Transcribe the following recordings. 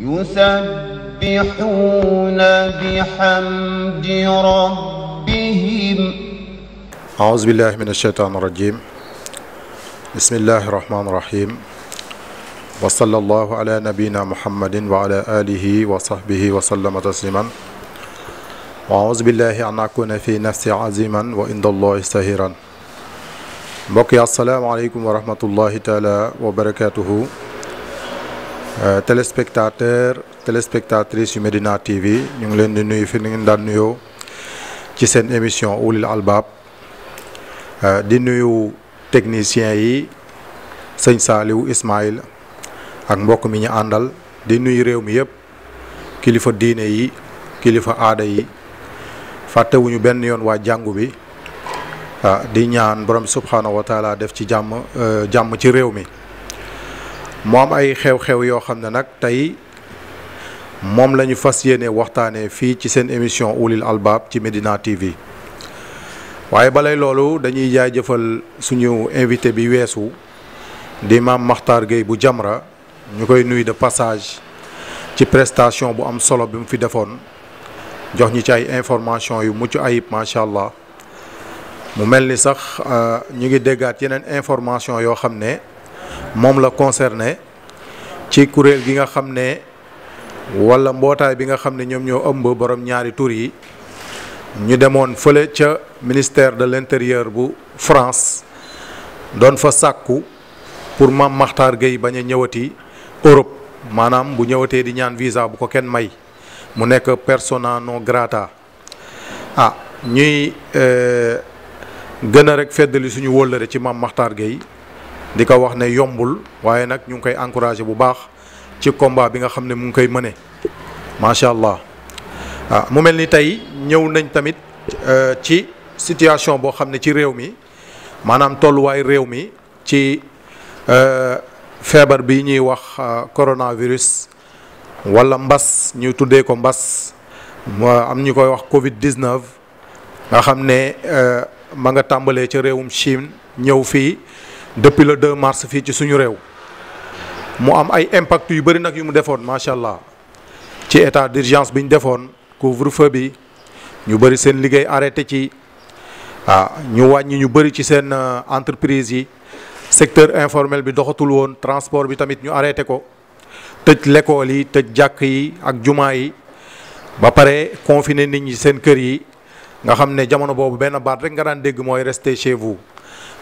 يسبحون بحمد ربهم أعوذ بالله من الشيطان الرجيم بسم الله الرحمن الرحيم وصلى الله على نبينا محمد وعلى آله وصحبه وسلم تسليما وأعوذ بالله أن أكون في نفسي عظيما وعند الله سهيرا mbokk yi asalaamaaleykum wa rahmatullahi taala wa barakaatuhu Euh, téléspectateur téléspectatrice yu Medina yi ñu ngi leen di nuyu fi ni ngeen daan nuyoo ci seen émission Ulil Albab euh, di nuyu technicien yi sëñ Saliou Ismaïl ak mbokk mi ñu àndal di nuyu réew mi yëpp kilifa diine yi kilifa aada yi fàttewuñu benn yoon waa jàngu bi euh, di ñaan borom subhanahu def ci jàmm jàmm ci réew mi mu am ay xew-xew yoo xam ne nag tey moom la ñu fas yéene waxtaanee fii ci seen émission ulil albab ci Medina TV waaye balay loolu dañuy jaajëfal suñu invité bi weesu di maam maxtar Gueye bu Jamra ñu koy nuyu de passage ci prestation bu am solo bi mu fi defoon jox ñu ci ay information yu mucc ayib macha allah mu mel ni sax euh, ñu ngi déggaat yeneen information yoo xam ne. moom la concerné ci kuréel gi nga xam ne wala mbootaay bi nga xam ne ñoom ñoo ëmb boroom ñaari tur yi ñu demoon fële ca ministère de l'intérieur bu France doon fa sàkku pour Mame Makhtar Gueye bañ a ñëwati Europe maanaam bu ñëwatee di ñaan visa bu ko kenn may mu nekk persona no grata ah ñuy euh, gën a rek feddali suñu wóllëre ci Mame Makhtar Gueye di ko wax ne yombul waaye nag ñu ngi koy encouragé bu baax ci combat bi nga xam ne mu ngi koy mëne macha allah ah mu mel ni tey ñëw nañ tamit euh, ci situation boo xam ne ci réew mi maanaam tolluwaay réew mi ci euh, feebar bi ñuy wax euh, coronavirus wala mbas ñu tuddee ko mbas am ñu koy wax Covid 19 nga xam ne ma nga tàmbalee ca réewum Chine ñëw fii. depuis le 2 mars fii ci suñu réew mu am ay impact yu bëri nag yu mu defoon macha allah ci état d'urgence bi ñu defoon couvre-feu bi ñu bëri seen liggéey arrêté ci ah ñu wàññi ñu bëri ci seen euh, entreprise yi secteur informel bi doxatul woon transport bi tamit ñu arrêté ko tëj lekool yi tëj jàkk yi ak jumaa yi ba pare confiné nit ñi seen kër yi nga xam ne jamono boobu benn baat rek nga daan dégg mooy rester chez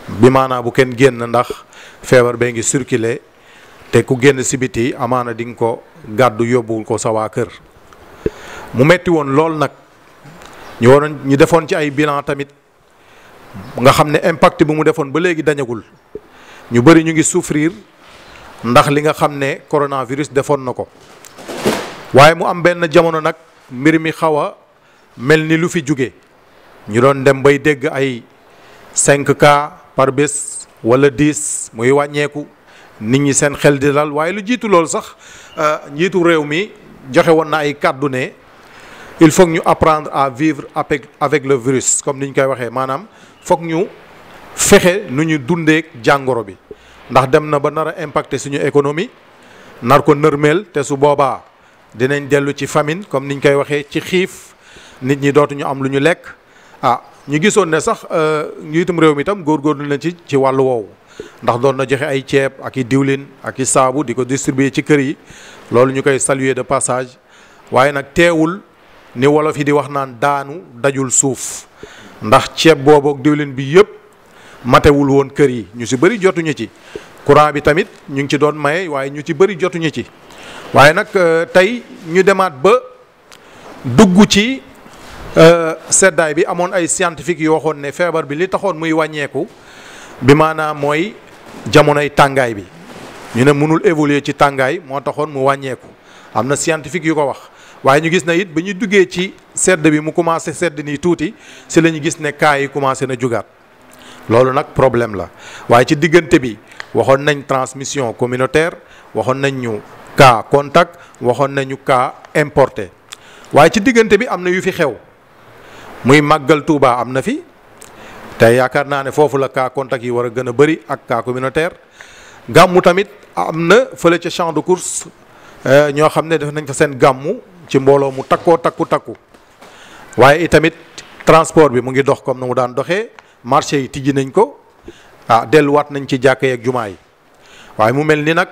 bi maanaa bu kenn génn ndax feebar bee ngi surculer te ku génn si biti amaana di nga ko gàddu yóbbuwul ko sawaa kër mu metti woon lool nag ñu waroon ñu defoon ci ay bilan tamit nga xam ne impact bi mu defoon ba léegi dañagul ñu bëri ñu ngi souffrir ndax li nga xam ne coronavirus defoon na ko waaye mu am benn jamono nag mbir mi xaw a mel ni lu fi jóge ñu doon dem bay dégg ay cinq cas par bés wala diis muy wàññeeku nit ñi seen xel di dal waaye lu jiitu loolu sax euh, njiitu réew mi joxe woon na ay kàddu ne il foog ñu apprendre à vivre avec avec le virus comme ni ñu koy waxee maanaam foog ñu fexe nu ñu dundeek jàngoro bi ndax dem na ba nar a impacter suñu économie nar ko nërmeel te su boobaa dinañ dellu ci famine comme niñ koy waxee ci xiif nit ñi dootuñu am lu ñu lekk ah ñu gisoon ne sax euh, njiitum réew mi itam góorgóorlu na ci ci wàllu woowu ndax doon na joxe ay ceeb ak i diwlin ak i saabu di ko distribuer ci kër yi loolu ñu koy saluer de passage waaye nag teewul ni wolof yi di wax naan daanu dajul suuf ndax ceeb boobu ak diwlin bi yëpp matewul woon kër yi ñu si bëri jotuñu ci courant bi tamit ñu ngi ci doon maye waaye ñu ci bëri jotuñu ci waaye nag euh, tey ñu demaat ba dugg ci Euh, seddaay bi amoon ay scientifique yu waxoon ne feebar bi li taxoon muy wàññeeku bi maanaam mooy jamonoy tàngaay bi ñu ne mënul évoluer ci tàngaay moo taxoon mu wàññeeku am na scientifique yu ko wax waaye ñu gis na it ba ñu duggee ci sedd bi mu commencé sedd nii tuuti si la ñu gis ne kaa yi commencé na jugaat loolu nag problème la waaye ci diggante bi waxoon nañ transmission communautaire waxoon nañ kaa cas contact waxoon nañu kaa importé waaye ci diggante bi am na yu fi xew muy màggal Touba am na fi te yaakaar naa ne foofu la cas contact yi war a gën a bëri ak cas communautaire gàmmu tamit am na fële ca champ de course euh, ñoo xam ne def nañ fa seen gàmmu ci mbooloo mu takkoo takku takku waaye itamit transport bi mu ngi dox comme na mu daan doxee marché yi tijj nañ ko ah delluwaat nañ ci jàkka ak jumaa yi waaye mu mel ni nag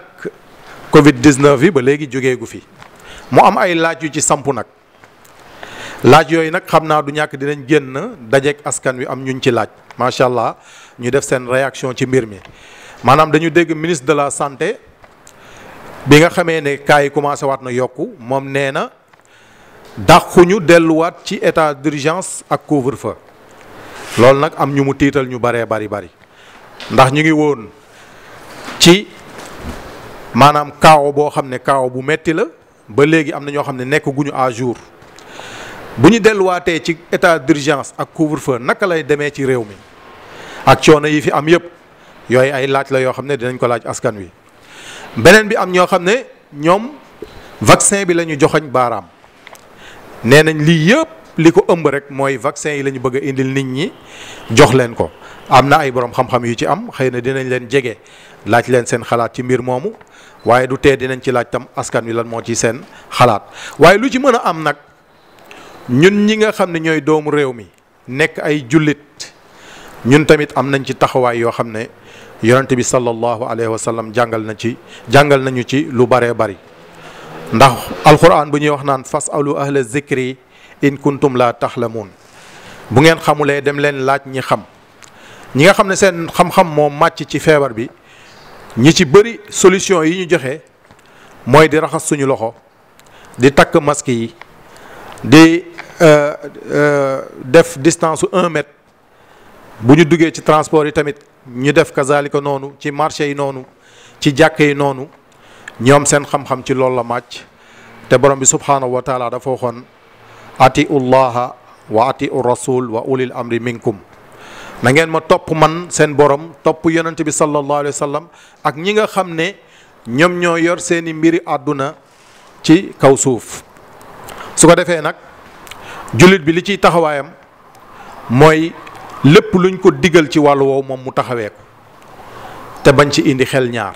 Covid 19 bi ba léegi jógee jógeegu fi mu am ay laaj yu ci samp nag. laaj yooyu nag xam naa du ñàkk dinañ génn dajeek askan wi am ñuñ ci laaj macha allah ñu def seen réaction ci mbir mi maanaam dañu dégg ministre de la santé bi nga xamee ne cas yi commencé waat na yokku moom nee na dàquñu delluwaat ci état d'urgence ak couvre-feu loolu nag am ñu mu tiital ñu baree bari bari ndax ñu ngi woon ci maanaam kaaw boo xam ne kaaw bu metti la ba léegi am na ñoo xam ne nekk guñu à jour bu ñu delluwaatee ci état d'urgence ak couvre-feu naka lay demee ci réew mi ak coono yi fi am yëpp yooyu ay laaj la yoo xam ne dinañ ko laaj askan wi beneen bi am ñoo xam ne ñoom vaccin bi la ñu joxañ baaraam nee nañ lii yëpp li ko ëmb rek mooy vaccin yi lañu ñu bëgg indil nit ñi jox leen ko am na ay boroom xam-xam yu ci am xëy na dinañ leen jege laaj leen seen xalaat ci mbir moomu waaye du tee dinañ ci laaj tam askan wi lan moo ci seen xalaat waaye ñun ñi nga xam ne ñooy doomu réew mi nekk ay jullit ñun tamit am nañ ci taxawaay yoo xam ne yonent bi sallallahu alayhi wa jàngal na ci jàngal nañu ci lu bëree bëri ndax alquran bu ñuy wax naan fas alu ahla zikri in kuntum la taxlamuun bu ngeen xamulee dem leen laaj ñi xam ñi nga xam ne seen xam-xam moo màcc ci feebar bi ñi ci bëri solution yi ñu joxe mooy di raxas suñu loxo di takk masque yi di euh, euh, def distance su un mètre bu ñu duggee ci transport yi tamit ñu def kazalika noonu ci marché yi noonu ci jàkk yi noonu ñoom seen xam-xam ci loolu la màcc te borom bi subhaanahu wa taala dafa waxoon atiu llaha wa atiu rasul wa ulil amri minkum na ngeen ma topp man seen borom topp yonent bi sallallahu alayhi wa ak ñi nga xam ne ñoom ñoo yor seeni mbiri àdduna ci kaw suuf su ko defee nag jullit bi li ciy taxawaayam mooy lépp luñ ko digal ci wàll woow moom mu taxawee ko te bañ ci indi xel ñaar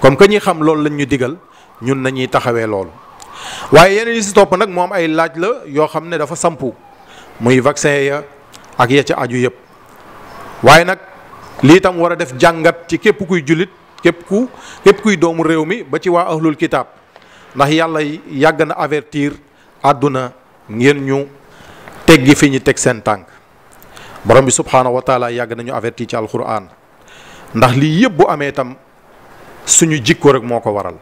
comme que ñi xam loolu lañ ñu digal ñun nañuy taxawee loolu waaye yeneen yi si topp nag moom ay laaj la yoo xam ne dafa sampu muy vaccin ya ak ya ca aju yëpp waaye nag lii tam war a def jàngat ci képp kuy jullit képp ku képp kuy doomu réew mi ba ci waa ahlul kitaab ndax yàlla yàgg na avertir àdduna ngeen ñu teggi fi ñu teg seen tànk borom bi subhaanahu wa yàgg nañu averti ci alquran ndax lii yëpp bu amee itam suñu jikko rek moo ko waral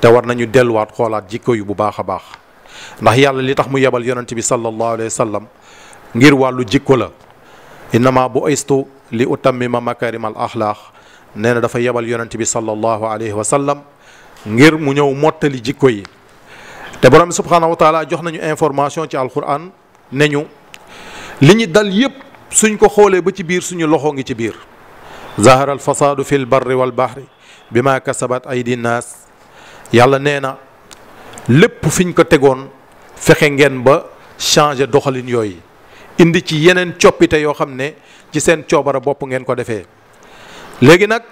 te war nañu delluwaat xoolaat jikko yi bu baax a baax ndax yàlla li tax mu yebal yonent bi sallallahu alayhi wa sallam ngir wàllu jikko la innama bu istu li utammima makarim al axlaax nee na dafa yebal yonent bi sallallahu alayhi wa sallam ngir mu ñëw mottali jikko yi te borom bi subhaanahu wa taala jox nañu information ci alquran ne ñu li ñu dal yépp suñ ko xoolee ba ci biir suñu loxo ngi ci biir zahara al fasaadu fi l barri bi ma ay aydi naas yàlla nee na lépp fiñ ko tegoon fexe ngeen ba changer doxalin yooyu indi ci yeneen coppite yoo xam ne ci seen coobara bopp ngeen ko defee léegi nag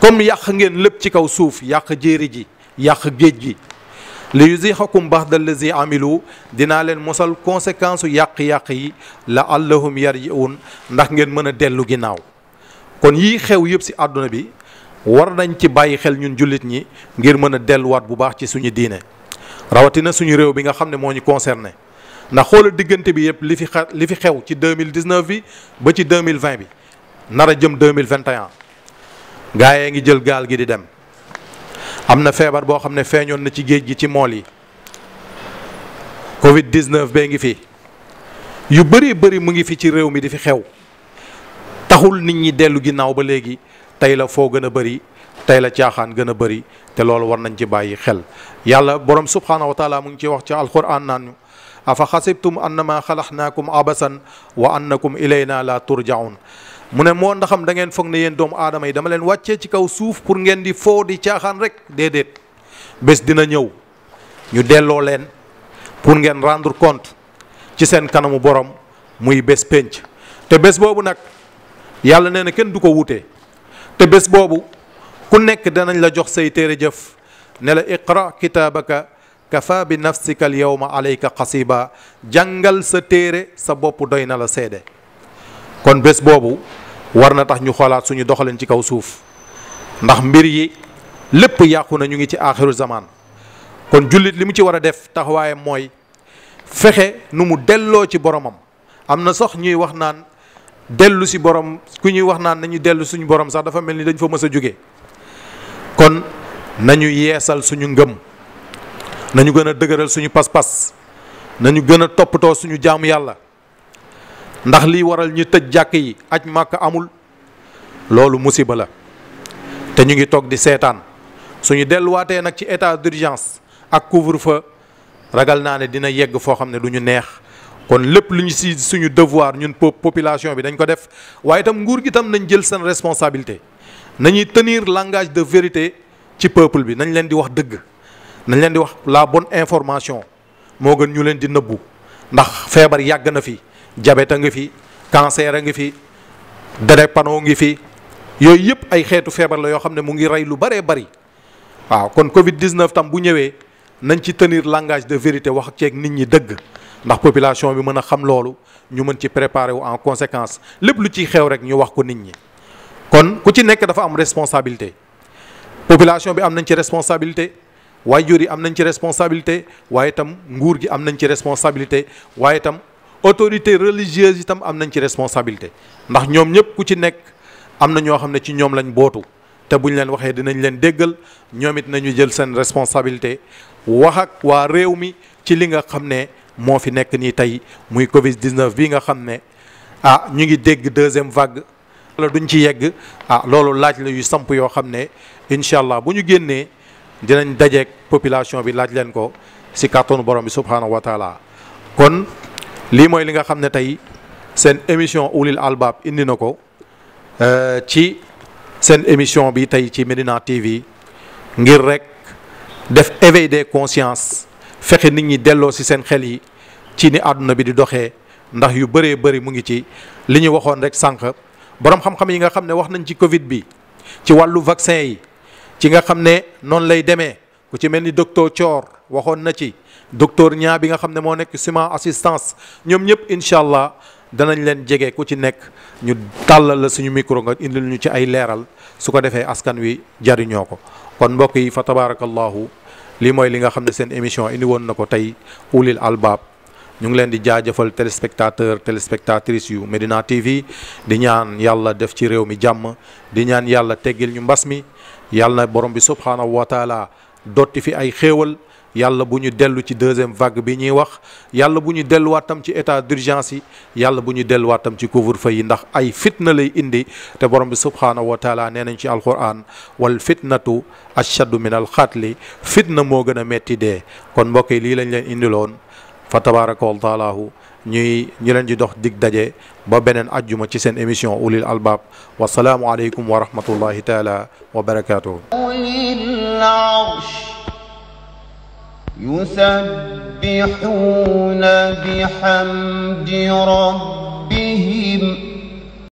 comme yàq ngeen lépp ci kaw suuf yàq jéere ji yàq géej gi li yuzixakum baxda allazi amilu dinaa leen mosal conséquence u yàq-yàq yi la allahum yarjiun ndax ngeen mën a dellu ginnaaw kon yii xew yëpp si àdduna bi war nañ ci bàyyi xel ñun jullit ñi ngir mën a delluwaat bu baax ci suñu diine rawatina suñu réew bi nga xam ne moo ñu concerné ndax xoola diggante bi yëpp li fi xa li fi xew ci 2019 bi ba ci 2020 bi nar a jëm 2021 gaa yee ngi jël gaal gi di dem am na feebar boo xam ne feeñoon na ci géej gi ci mool yi Covid 19 bee ngi fi yu bëree bëri mu ngi fi ci réew mi di fi xew taxul nit ñi dellu ginnaaw ba léegi tey la foo gën a bëri tey la caaxaan gën a bëri te loolu war nañ ci bàyyi xel yàlla borom subhaanahu wa mu ngi ciy wax ci alquran naa ñu afa xasibtum annama xalaxnaakum abasan wa annakum ilayna la turjaun mu ne moo ndaxam da ngeen foog na yéen doomu aadama yi dama leen wàccee ci kaw suuf pour ngeen di foo di caaxaan rek déedéet bés dina ñëw ñu delloo leen pour ngeen rendre compte ci seen kanamu borom muy bés pénc te bés boobu nag yàlla nee na kenn du ko wutee te bés boobu ku nekk danañ la jox say téere jëf ne la iqra kitaabaka kafa bi nafsika al yawma alayka xasiba jàngal sa téere sa bopp doy na la seede kon bés boobu war na tax ñu xoolaat suñu doxalin ci kaw suuf ndax mbir yi lépp yàqu na ñu ngi ci aaxiru zamaan kon jullit li mu ci war a def taxawaayam mooy fexe nu mu delloo ci boromam am na sox ñuy wax naan dellu si borom ku ñuy wax naan nañu dellu suñu borom sax dafa mel ni dañ fa mës a jóge kon nañu yeesal suñu ngëm nañu gën a dëgëral suñu pas-pas nañu gën a toppatoo suñu jaamu yàlla ndax liy waral ñu tëj jàkk yi aj màkk amul loolu musiba la te ñu ngi toog di seetaan suñu delluwaatee nag ci état d'urgence ak couvre-feu ragal naa ne dina yegg foo xam ne duñu neex kon lépp lu ñu si suñu devoir ñun population bi dañ ko def waaye itam nguur gi nañ jël seen responsabilité nañuy tenir langage de vérité ci peuple bi nañ leen di wax dëgg nañ leen di wax la bonne information moo gën ñu leen di nëbbu ndax feebar yàgg na fi jabet a ngi fi cancer a ngi fi drépano ngi fi yooyu yëpp ay xeetu feebar la yoo xam ne mu ngi rey lu bëree bari waaw kon Covid 19 tam bu ñëwee nañ ci tenir langage de vérité wax ceeg nit ñi dëgg ndax population bi mën a xam loolu ñu mën ci préparer wu en conséquence lépp lu ciy xew rek ñu wax ko nit ñi. kon ku ci nekk dafa am responsabilité population bi am nañ ci responsabilité jur yi am nañ ci responsabilité waaye itam nguur gi am nañ ci responsabilité waaye itam. autorité religieuse itam am nañ ci responsabilité ndax ñoom ñëpp ku ci nekk am na ñoo xam ne ci ñoom lañ bootu te bu buñ leen waxee dinañ leen déggal ñoom it nañu jël seen responsabilité wax ak waa réew mi ci li nga xam ne moo fi nekk nii tey muy Covid 19 bii nga xam ne ah ñu ngi dégg deuxième vague. la duñ ci yegg ah loolu laaj la yu samp yoo xam ne incha allah bu ñu génnee dinañ dajeek population bi laaj leen ko si kàttanu borom bi subhanahu wa lii mooy li nga xam ne tey seen émission ulil albab indi na ko euh, ci seen émission bi tey ci Medina TV ngir rek def éveil des consciences fexe nit ñi delloo si seen xel yi ci ni àdduna bi di doxee ndax yu bëree bëri mu ngi ci li ñu waxoon rek sànq borom xam-xam yi nga xam ne wax nañ ci Covid bi ci wàllu vaccin yi ci nga xam ne noonu lay demee. ku ci mel ni docteur Thior waxoon na ci docteur ñaar bi nga xam ne moo nekk ciment assistance ñoom ñëpp incha allah danañ leen jege ku ci nekk ñu tàllal la suñu micro nga lu ñu ci ay leeral su ko defee askan wi jariñoo ko kon mbokk yi fa tabarakallahu lii mooy li nga xam ne seen émission indi woon na ko tey ulil albab ñu ngi leen di jaajëfal téléspectateur téléspectatrice yu Medina TV di ñaan yàlla def ci réew mi jàmm di ñaan yàlla teggil ñu mbas mi yàlla na borom bi subhaanahu wa dotti fi ay xéewal yàlla bu ñu dellu ci deuxième vague bi ñuy wax yàlla bu ñu delluwaat tam ci état d'urgence yi yàlla bu ñu delluwaat tam ci couvre-feu yi ndax ay fitna lay indi te borom bi subhaanahu wa taala nee nañ ci alquran wal fitnatu ashaddu minal al xatli fitna moo gën a metti dee kon mbokk yi lii lañ leen indiloon fa tabaaraka wa ñuy ñu leen di dox dig daje ba beneen ajjuma ci seen émission ulil albab wasalaamu aleykum wa rahmatullahi taala wa barakaatuhu ulil arsh yusabbihuna bihamdi rabbihim